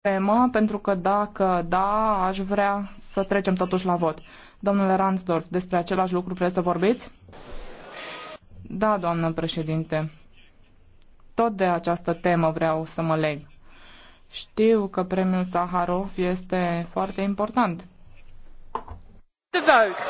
temă, pentru că dacă da, aș vrea să trecem totuși la vot. Domnule Ransdorf, despre același lucru vreți să vorbiți? Da, doamnă președinte. Tot de această temă vreau să mă leg. Știu că premiul Saharov este foarte important. The vote.